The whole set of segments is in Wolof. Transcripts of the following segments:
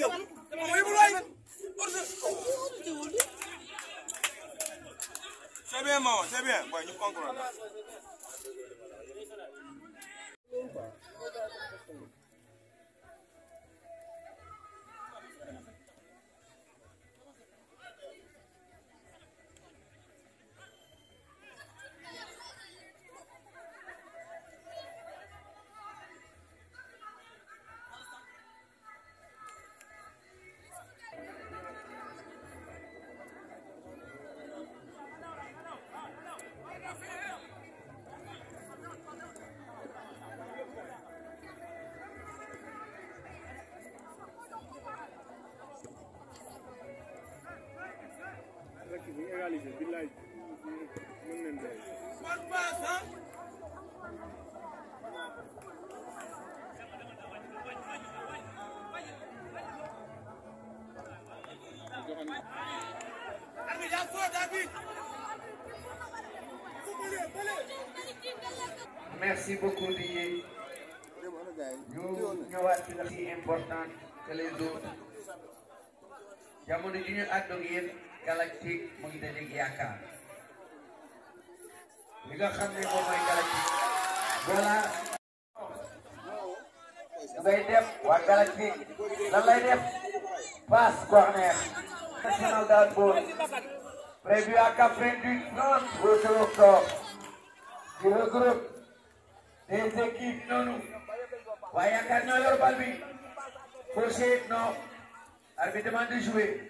C'est bien, maman, c'est bien. Ouais, nous concluons. réaliser billaay mën nañ day Merci beaucoup Dieye. ñu ñëwaat ci la si importante que les autres. jamono ji ñu àddoog yéen. galactic mengidentifikasi. Jika kami pemain galactic bola Ngay dem wa galactic lan pas def pass corner national d'handball prévu à Caprine du 30 au octobre qui regroupe des équipes non Wayakar no yor bal bi. Fauché Arbitre demande de jouer.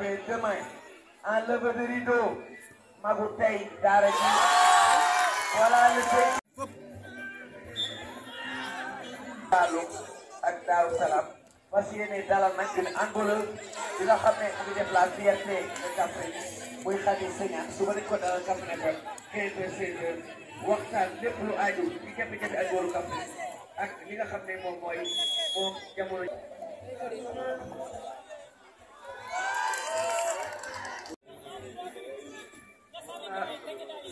rattraper demain en levée de rideau magu tey daara ji voilà le pays. Saalum ak Daaru Salaam fas yéene dalal nag une nga xam ne mu def la fierté de Kaffrine suba dañu ko dalal Kaffrine ba 15h waxtaan lépp lu aaju ci jafe-jafe ak wóoru Kaffrine ak li nga xam ne moom mooy moom jamono.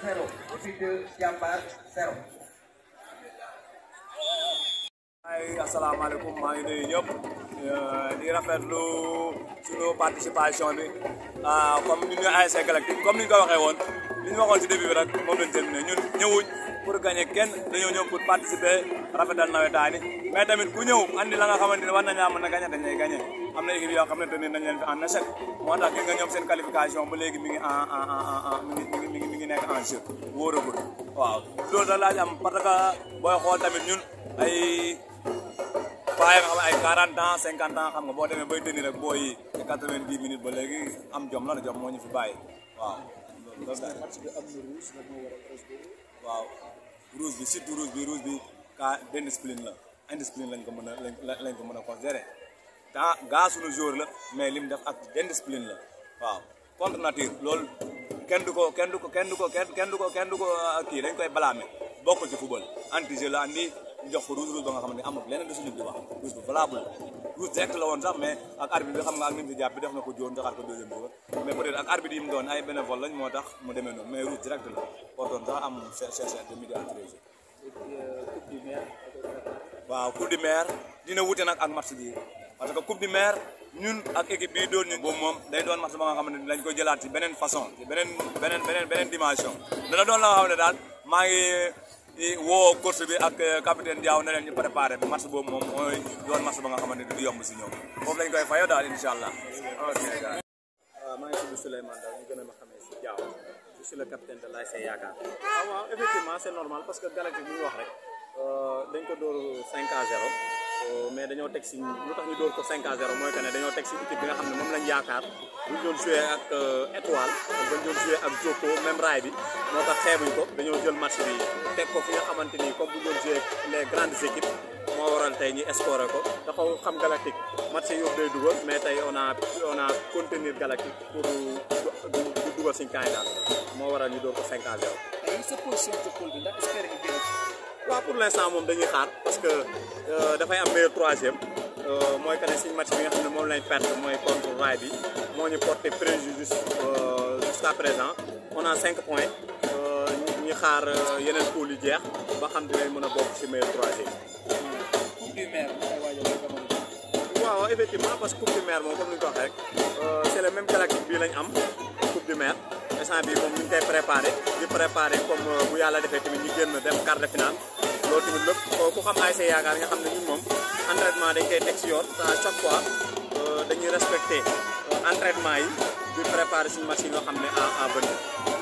zero. zero. Hai, assalamualaikum. Hai, ini yep dina ya, kan rafetlu suñu participation bi comme ni ñu ASC ah, Galactique comme ni ñu ko waxee woon li ñu waxoon si début bi rek moom lañ terminé ñun ñëwuñ pour gagner kenn dañoo ñëw pour participer rafetal nawetaani mais tamit ku ñëw andi la nga xamante ne war nañaa mën a gagner dañ lay gagner am na équipe yoo xam ne tenir nañ leen fi en échec moo tax gis nga ñoom seen qualification ba léegi mi ngi en en en mi ngi mi ngi mi ngi nekk en jeu wóoragul waaw loolu da laaj am parce que booy xool tamit ñun ay waaye nga xam ay 40 ans 50 ans xam nga boo demee bay tenir rek boo yi 90 minutes ba léegi am jom la jom moo ñu fi bàyyi waaw. waaw rouge bi surtout rouge bi rouge bi cas d'indiscipline la indiscipline lañ ko mën a lañ ko mën a considéré temps gaa suñu jour la mais lim def ak d'indiscipline la waaw contre nature loolu kenn du ko kenn du ko kenn du ko kenn du ko kenn du ko ah, kii dañ koy balaame bokkul ci football anti jeu la andi. ñu jox ko rouge rouge ba nga xam ne amul leneen lu si ñun di wax rouge bu valable rouge direct la woon sax mais ak arbitre bi xam nga ak ni mu si na bi ak arbitre doon ay bénévole lañ moo tax mu demee noonu de midi waaw coupe du maire dina wute nag ak match bi parce que coupe du maire ñun ak équipe bii doon ñu boobu moom day doon match ba nga xam ne dañ ko jëlaat ci beneen façon ci beneen beneen beneen beneen dimension dana doon la nga xam ne daal maa woo course bi ak euh, capitaine Diaw ne leen ñu préparé match boobu moom mooy doon match ba nga xamante du yomb si ñoom foofu lañ koy fayoo daal incha allah. Euh, maa ngi tudd Souleymane daal ñu gën a ma xamee si Diaw je suis le capitaine de l'ASC Yaakaar. waaw ah, waaw effectivement c'est normal parce que Galactique bi ñu wax rek euh, dañ ko dóor 5 à mais dañoo teg si lu tax ñu dóor ko 5 à 0 mooy que ne dañoo teg si équipe bi nga xam ne moom lañ yaakaar buñ doon joué ak euh, étoile buñ doon joué ak Jokko même raay moo tax xeebuñ ko dañoo jël match bi teg ko fi nga xamante ni comme buñ doon joué les grandes équipes moo waral tey ñu escoré ko te xam Galactique match yi yëpp dugal mais tey on a on a contenir Galactique pour du dugal suñu candidat moo waral ñu dóor ko 5 à 0. waaw pour l'instant moom dañuy xaar parce que euh, dafay am meilleur troisième euh, mooy que ne suñu match bi nga xam ne moom lañ perte mooy contre Rail bi moo ñu porté préjudice euh, jusqu'à présent on a 5 points ñu xaar yeneen pool yu jeex ba xam dinañ mën a bokk ci meilleur troisième. coupe du maire waaw effectivement parce que coupe du maire moom comme ni ñu ko waxee rek c'est le même tactique bii lañ am coupe du maire instant bii moom ñu ngi koy préparé di préparé comme bu yàlla defee tamit ñu génn dem quart de finale. loolu tamit lépp ku xam ASC Yaakaar nga xam ne ñun moom entraînement dañ koy teg si yoon à chaque fois euh, dañuy respecté euh, entraînement yi di préparer suñu match yi xam ne à à